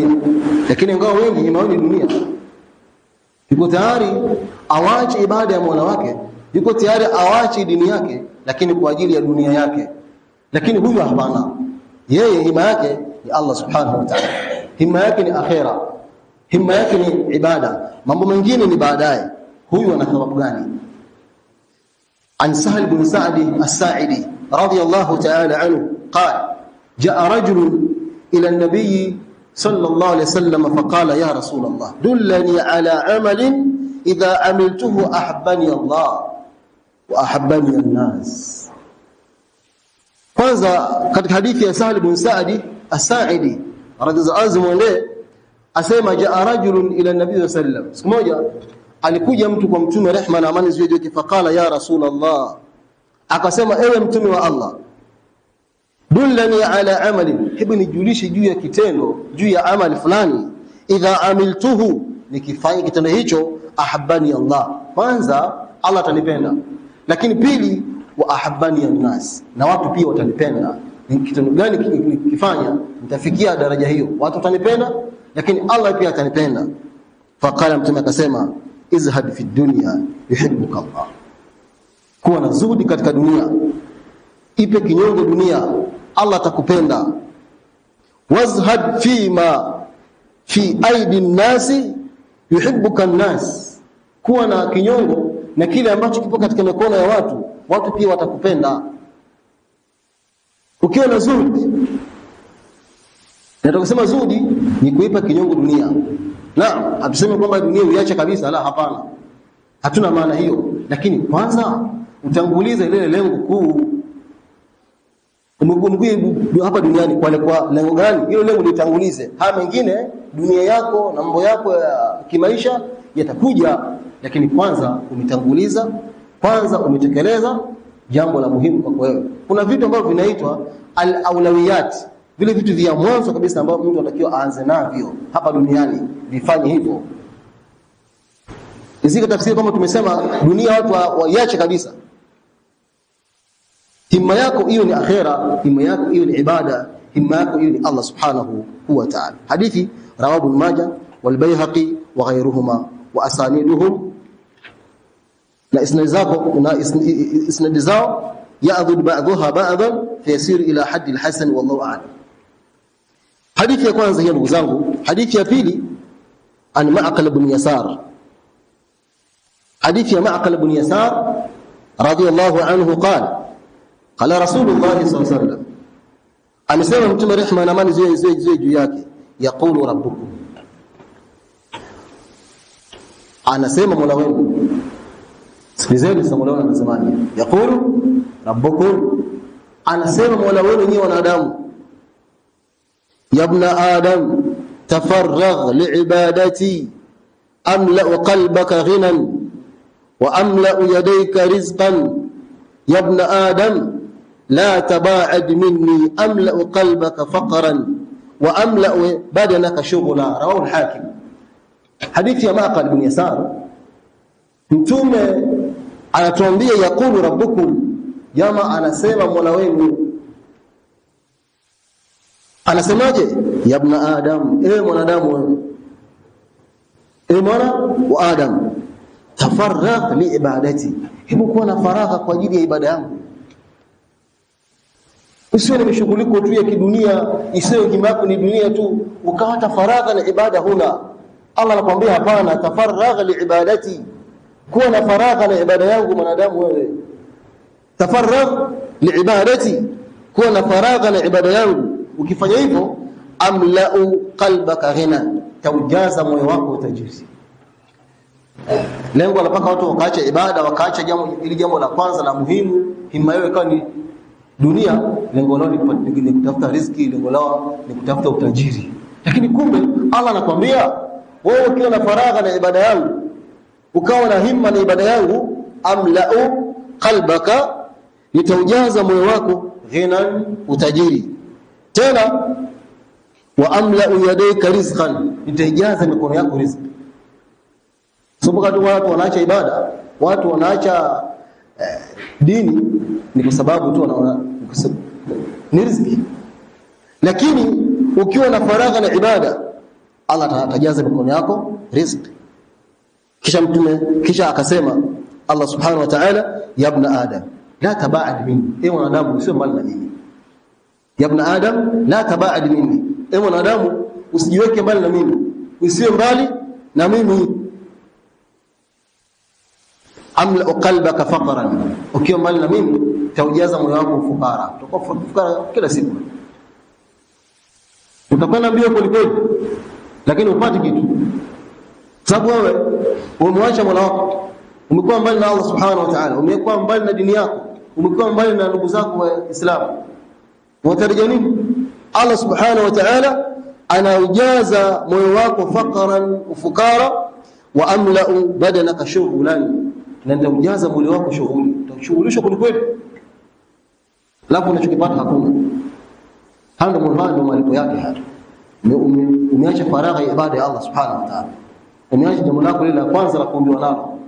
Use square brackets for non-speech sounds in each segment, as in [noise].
dunia, lakini ingawa wengi imaoni dunia, yuko tayari awache ibada ya mola wake, yuko tayari awache dini yake, lakini kwa ajili ya dunia yake. Lakini huyo hapana, yeye hima yake ni Allah subhanahu wa ta'ala, hima yake ni akhera, hima yake ni ibada, mambo mengine ni baadaye. Huyu ana thawabu gani? An Sahal bin Sa'di As-Sa'idi radiyallahu ta'ala anhu qala jaa rajulun ila an-nabiy sallallahu alayhi wasallam faqala ya rasul Allah dullani ala amalin idha amiltuhu ahabbani Allah wa ahabbani an-nas. Kwanza katika hadithi ya Sahal bin Saadi As-Sa'idi radhiallahu anhu mwende asema jaa rajulun ila nabii sallam, siku moja alikuja mtu kwa mtume rehma na amani ziwe juu yake, faqala ya rasul Allah, akasema ewe mtume wa Allah dullani ala amali, hebu nijulishe juu ya kitendo, juu ya amali fulani. Idha amiltuhu, nikifanya kitendo hicho, ahabbani Allah, kwanza Allah atanipenda, lakini pili wa ahabbani annas, na watu pia watanipenda. kitendo gani nikifanya nitafikia daraja hiyo? Watu watanipenda, lakini Allah pia atanipenda. Faqala, Mtume akasema, izhad fi dunya yuhibbuka Allah, kuwa na zuhudi katika dunia, ipe kinyongo dunia Allah atakupenda wazhad fi ma fi aidi nnasi yuhibbuka nnas, kuwa na kinyongo na kile ambacho kipo katika mikono ya watu, watu pia watakupenda. Ukiwa na zuhdi na tukasema zuhudi ni kuipa kinyongo dunia. na hatuseme kwamba dunia uiache kabisa, la, hapana, hatuna maana hiyo, lakini kwanza utangulize lile lengo kuu umekuwa hapa duniani kwa, kwa lengo gani? Hilo lengo litangulize, haya mengine dunia yako na mambo yako ya kimaisha yatakuja, lakini kwanza umetanguliza, kwanza umetekeleza jambo la muhimu kwako wewe. Kuna vitu ambavyo vinaitwa al-aulawiyat, vile vitu vya mwanzo kabisa ambavyo mtu anatakiwa aanze navyo hapa duniani, vifanye hivyo. Isika tafsiri kama tumesema dunia watu waiache kabisa Himma yako hiyo ni akhera, himma yako hiyo ni ibada, himma yako hiyo ni Allah subhanahu wa ta'ala. Hadithi rawahu Ibn Majah wal Baihaqi wa ghayruhuma wa asaniduhum, na isnadi zako na isnadi zao ya'dhud ba'dhuha ba'dhan fayasiru ila haddi al-hasan wallahu a'lam. Hadithi ya kwanza hiyo ndugu zangu, hadithi ya pili an Ma'qal ibn Yasar. Hadithi ya Ma'qal ibn Yasar radiyallahu anhu qala قال رسول الله صلى الله عليه وسلم أمسيما متما رحمة نماني زي زي زي زي يقول ربكم أنا سيما ملوين سيزي لسا من زمان يقول ربكم أنا سيما ملوين ني وانا دام يا ابن آدم تفرغ لعبادتي أملأ قلبك غنى وأملأ يديك رزقا يا ابن آدم لا تباعد مني أملأ قلبك فقرا وأملأ بدنك شغلا رواه الحاكم حديث يا معقل بن يسار انتم على تنبيه يقول ربكم يا ما أنا سيما مولوين أنا سيما يا ابن آدم إيه من آدم إيه مرة وآدم تفرغ لعبادتي هبو كونا فراغك وجيدي عبادة usiwe na mishughuliko tu ya kidunia, isiwe hima yako ni dunia tu, ukawa tafaragha na ibada huna. Allah anakuambia hapana, tafaragha li ibadati, kuwa na faragha na ibada yangu mwanadamu wewe. Tafaragh ibadati, kuwa na faragha na ibada yangu. Ukifanya hivyo, amlau qalbaka ghina, taujaza moyo wako utajuzi. Lengo la paka watu wakaacha ibada, wakaacha jambo ili jambo la kwanza la muhimu, hima yao ikawa ni Dunia lengo lao ni kutafuta riziki, lengo lao ni kutafuta utajiri, lakini kumbe Allah anakwambia wewe, ukiwa na faragha na ibada yangu, ukawa na himma na ibada yangu, amlau qalbaka, nitaujaza moyo wako ghinan, utajiri tena wa amlau yadaika rizqan, nitaijaza mikono yako riziki. Sababu watu wanaacha ibada, watu wanaacha eh, dini ni kwa sababu tu wanaona ni riziki. Lakini ukiwa na faragha na ibada, Allah atajaza mikono yako riziki. Kisha mtume kisha akasema Allah subhanahu wa ta'ala, ya ibn adam la tabaad minni, ewe mwanadamu usiwe mbali na mimi. Ya ibn adam la tabaad minni, ewe mwanadamu usijiweke mbali na mimi, usiwe mbali na mimi amla qalbaka faqran, ukiwa mbali na mimi utaujaza moyo wako ufukara, utakuwa fukara kila siku, utakwenda mbio kwelikweli, lakini upati kitu, sababu wewe umewacha mola wako, umekuwa mbali na Allah subhanahu wa ta'ala, umekuwa mbali na dini yako, umekuwa mbali na ndugu zako Waislamu. Watarajia nini? Allah subhanahu wa ta'ala anaujaza moyo wako fakaran ufukara wa amlau badanaka shughlan, na nitaujaza mwili wako shughuli, utakushughulishwa kwelikweli. Alafu unachokipata hakuna. Hayo ndio mwanzo ndio malipo yake hata. Umeacha faragha ya ibada ya Allah Subhanahu wa Ta'ala. Umeacha jambo lako lile la kwanza la kuombewa nalo.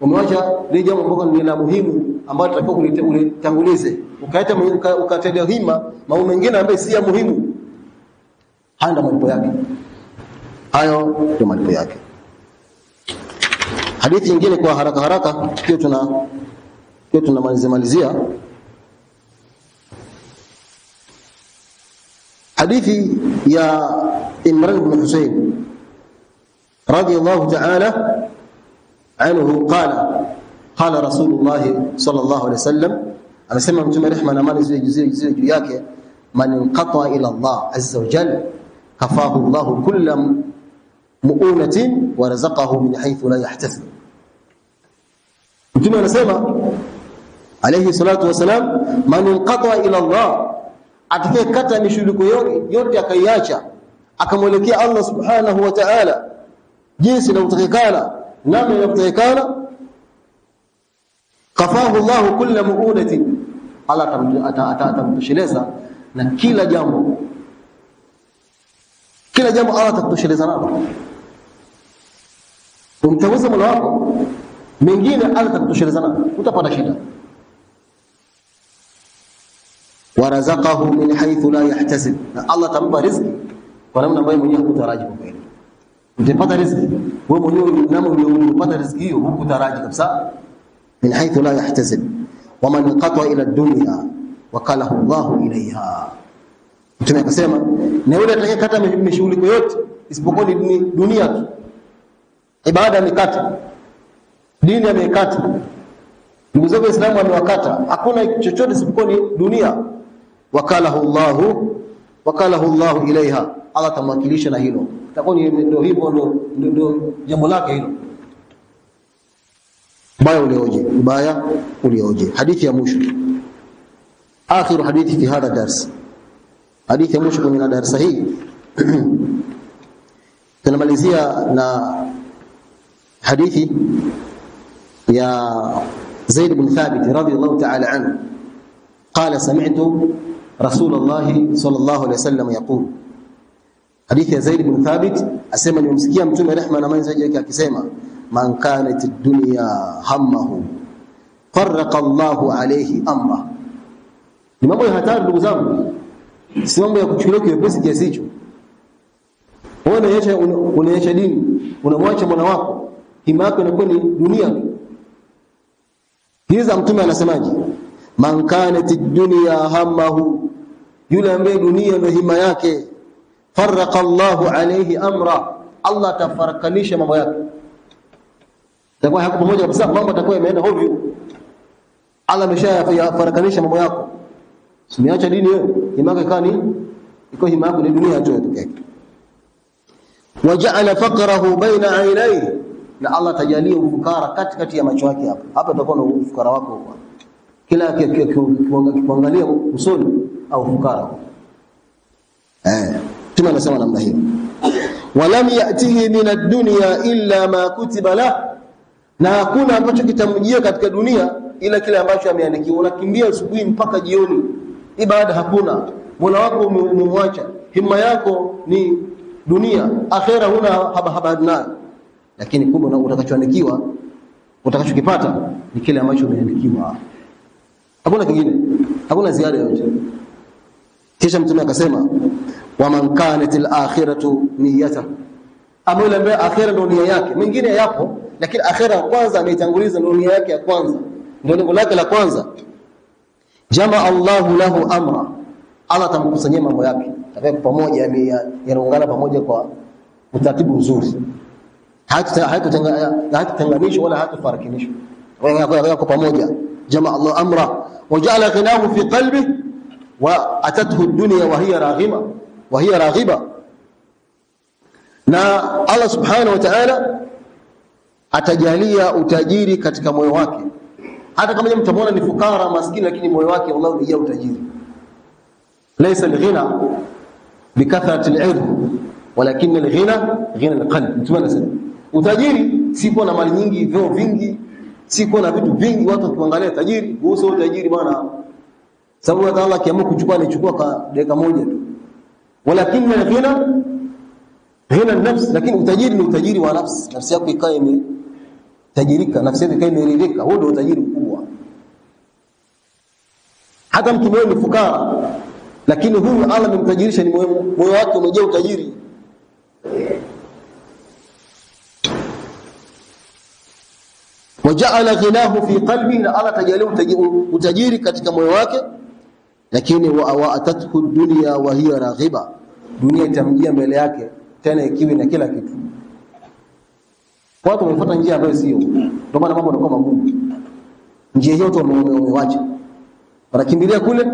Umeacha lile jambo ambalo ni la muhimu ambalo tutakiwa kulitangulize. Ukaita ukatendea hima mambo mengine ambayo si ya muhimu. Hayo ndio malipo yake. Hayo ndio malipo yake. Hadithi nyingine kwa haraka haraka, kio tuna kio tunamalizia malizia حديثي يا إمران بن حسين رضي الله تعالى عنه قال قال رسول الله صلى الله عليه وسلم أنا سمع متمنى رحمة نمال زي جزيرة جزيرة جياك من انقطع إلى الله عز وجل كفاه الله كل مؤونة ورزقه من حيث لا يحتسب يحتفل متمنى سمع عليه الصلاة والسلام من انقطع إلى الله atakayekata mishuliko yote akaiacha akamwelekea Allah subhanahu wa ta'ala jinsi inavyotakikana namna inavyotakikana kafahu Allah kulla muunati Allah atamtosheleza na kila jambo kila jambo Allah atakutosheleza nalo umtaweza mola wako mengine Allah atakutosheleza nalo utapata shida wa min haythu la yahtasib, na Allah tampa riziki kwa namna ambayo mwenyewe hakutaraji. Kwa kweli utapata riziki wewe mwenyewe unamu unapata riziki hiyo hukutaraji kabisa, min haythu la yahtasib. Wa man qata ila dunya wakalahu Allahu ilaiha, mtume akasema, na yule atakayekata mishughuliko yote isipokuwa ni dunia tu, ibada amekata, dini amekata, ndugu zake Waislamu amewakata, hakuna chochote isipokuwa ni dunia وقاله الله وقاله الله إليها على تمكليشنا هيلو تقول يندو هيبو ندو ندو جملاك هيلو بايا وليوجي بايا وليوجي حديث يا موشو آخر حديث في هذا الدرس حديث يا موشو من الدرس هي [clears throat] تنماليزيا نا حديث يا زيد بن ثابت رضي الله تعالى عنه قال سمعت Rasulullah sallallahu alaihi wasallam yaqul, hadithi ya Zaid bin Thabit asema nimemsikia Mtume rehma na amani yake akisema, man kanat dunya hammahu farraqa Allahu alayhi amra. Ni mambo ya hatari ndugu zangu, si mambo ya kuchukulia kiwepesi kiasi hicho. Wewe unaonyesha unaonyesha dini, unamwacha mwana wako, hima yako inakuwa ni dunia. Hizi mtume anasemaje? Man kanat dunya hammahu yule ambaye dunia ndio hima yake faraka Allahu alayhi amra Allah atafarakanisha mambo yake itakuwa hapo pamoja kabisa mambo atakuwa yameenda hovyo Allah ameshayafarakanisha mambo yako usimeacha dini wewe hima yako ikani iko hima yako ni dunia tu peke yake waja'ala faqrahu baina aynayhi na Allah tajalia ufukara katikati ya macho yake hapo hapo utakuwa na ufukara wako kila kitu kiangalia usoni au fukara eh tuma anasema namna hiyo walam yatihi min ad-dunya illa ma kutiba la na hakuna ambacho kitamjia katika dunia ila kile ambacho ameandikiwa unakimbia asubuhi mpaka jioni ibada hakuna mola wako umemwacha himma yako ni dunia akhera huna habari nayo lakini kumbe utakachoandikiwa utakachokipata ni kile ambacho umeandikiwa hakuna kingine hakuna ziada yoyote kisha mtume akasema, waman kanat al-akhiratu niyata, ama yule ambaye akhira ndio nia yake. mwingine yapo, lakini akhira kwanza ameitanguliza, ndio nia yake ya kwanza, ndio lengo lake la kwanza. Jama Allahu lahu amra, Allah atamkusanyia mambo yake atakaye pamoja, yanaungana pamoja kwa utaratibu mzuri, haitatenganishwa wala hatafarikinishwa, yako pamoja. Jama Allahu amra waja'ala ghinahu fi qalbihi wa atathu dunya wa hiya raghima wa hiya raghiba na Allah subhanahu wa ta'ala atajalia utajiri katika moyo wake hata kama mtamwona ni fukara maskini lakini moyo wake Allah umejaa utajiri laysa alghina bikathrati al'ird walakin alghina ghina alqalb tunasema utajiri si kuwa na mali nyingi vyo vingi si kuwa na vitu vingi watu wakiangalia tajiri uso utajiri bwana sababu hata Allah kiamu kuchukua anachukua kwa dakika moja tu, walakini alghina hina nafsi, lakini utajiri ni utajiri wa nafsi. Nafsi yako ikae ni tajirika, nafsi yako ikae imeridhika, huo ndio utajiri mkubwa. Hata mtu ni fukara, lakini huyu Allah amemtajirisha, ni moyo wake umejaa utajiri. wajaala ghinahu fi qalbi, na Allah tajalia utajiri katika moyo wake lakini wa atatku dunya wa hiya raghiba, dunia itamjia mbele yake tena ikiwi na kila kitu. Watu wamefuata njia ambayo sio, ndio maana mambo yanakuwa magumu. Njia hiyo watu wamewacha, wanakimbilia kule,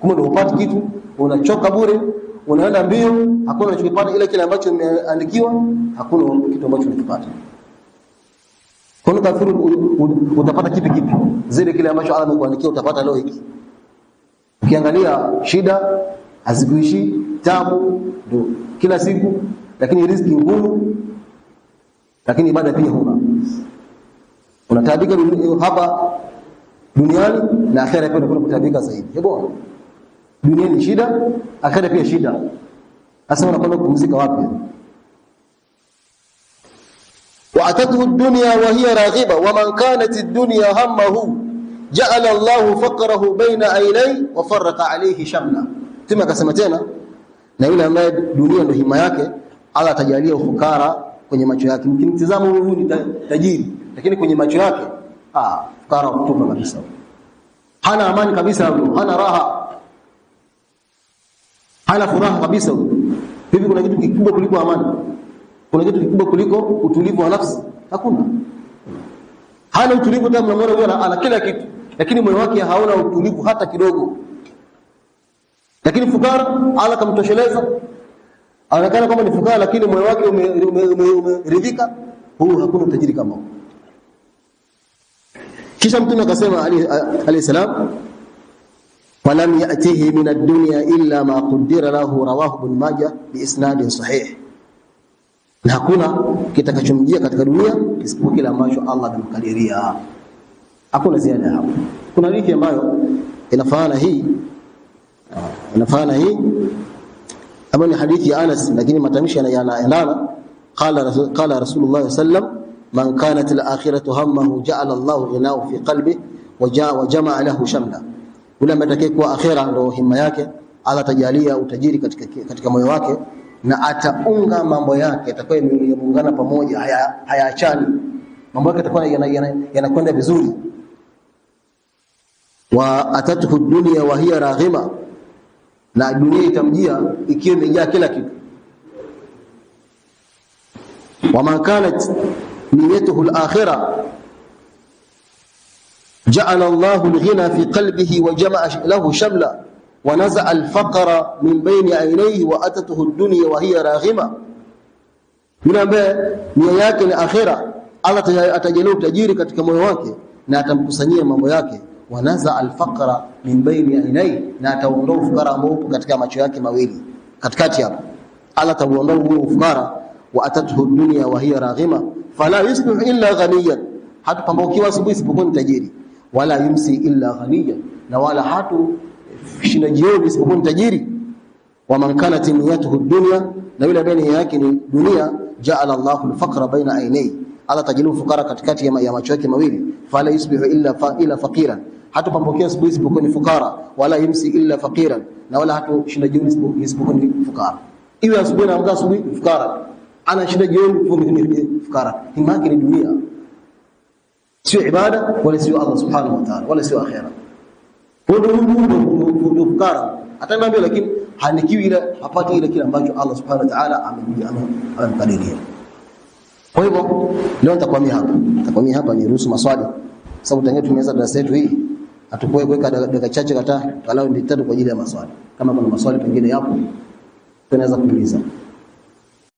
kumbe ndio upate kitu, unachoka bure, unaenda mbio, hakuna unachokipata, ila kile ambacho imeandikiwa, hakuna kitu ambacho unakipata. Kwa nini kafiri utapata kipi kipi? Zile kile ambacho Allah amekuandikia utapata leo hiki Ukiangalia shida hazikuishi, tabu ndio kila siku, lakini riziki ngumu, lakini ibada pia huna, unataabika hapa duniani na akhera pia unakwenda kutabika zaidi. Hebu dunia ni shida, akhera pia shida. Sasa unakwenda kupumzika wapi? wa atatuhu dunya wa hiya raghiba wa man kanat ad-dunya hammahu ja'ala Allahu faqrahu baina aylay wa farraqa alayhi shamla. Tuma akasema tena na yule ambaye dunia ndio hima yake, Allah atajalia ufukara kwenye macho yake. Mkimtizama huyu ni tajiri, lakini kwenye macho yake ah, fukara kutupa kabisa, hana amani kabisa, hana raha, hana furaha kabisa. Hivi kuna kitu kikubwa kuliko amani? Kuna kitu kikubwa kuliko utulivu wa nafsi? Hakuna hana utulivu. tena, mnamwona huyo ana kila kitu, lakini moyo wake hauna utulivu hata kidogo. Lakini fukara Allah kamtosheleza, anaonekana kama ni fukara, lakini moyo wake umeridhika. Huyu hakuna utajiri kama huyo. Kisha Mtume akasema alayhi salam, falam yatihi min ad-dunya illa ma qaddara lahu, rawahu Ibn Majah bi isnadin sahih, na hakuna kitakachomjia katika dunia kisipokuwa kile ambacho Allah amemkadiria. Hakuna ziada hapo. Kuna hadithi ambayo inafanana hii inafanana hii ambayo ni hadithi ya Anas, lakini matamshi yanaendana. Qala rasul, qala Rasulullah sallam man kanat al-akhiratu hammahu ja'ala Allahu ghinahu fi qalbi wa jamaa lahu shamla, yule ambaye atakayekuwa akhira ndio himma yake, Allah atajalia utajiri katika, katika moyo wake na ataunga mambo yake, atakuwa yameungana pamoja, hayaachani, haya mambo yake atakuwa yanakwenda vizuri. wa atatuhu dunia wa hiya raghima, na dunia itamjia ikiwa imejaa kila kitu. wa man kanat niyatuhu al ja'ala Allahu al fi qalbihi wa jamaa lahu shamla ونزع الفقر من بين عينيه واتته الدنيا وهي راغمه yule ambaye nia yake ni akhira Allah atajalia utajiri katika moyo wake na atamkusanyia mambo yake wanaza alfaqra min baini ainai na ataondoa ufukara ambao upo katika macho yake mawili katikati hapo Allah atauondoa huo ufukara wa atathu dunya wa hiya raghima fala yusbih illa ghaniyan hatupambaukiwa asubuhi isipokuwa ni tajiri wala yumsi illa ghaniyan na wala hatu kushinda jioni isipokuwa mtajiri wa man kanat niyatuhu dunya, na yule ambaye nia yake ni dunia. Jaala Allahu al baina ainai, Allah tajalia ufukara katikati ya macho yake mawili. Fala yusbihu illa fa ila faqiran, hatapambokea siku isipokuwa ni fukara. Wala yumsi illa faqiran, na wala hatashinda jioni isipokuwa ni fukara. Iwe asubuhi na asubuhi fukara, ana jioni ni fukara. Himaki ni dunia, sio ibada wala sio Allah subhanahu wa ta'ala, wala sio akhirah ndio fukara ataniambia, lakini hanikiwi ile hapati ile kile ambacho Allah subhanahu wa ta'ala amemkadiria. Kwa hivyo leo nitakwamia hapa, nitakwamia hapa ni ruhusu maswali, sababu tangia tumeanza darasa letu hii hatukuwahi kuweka dakika chache kata angalau ni tatu kwa ajili ya maswali. Kama kuna maswali pengine yapo tunaweza kuuliza.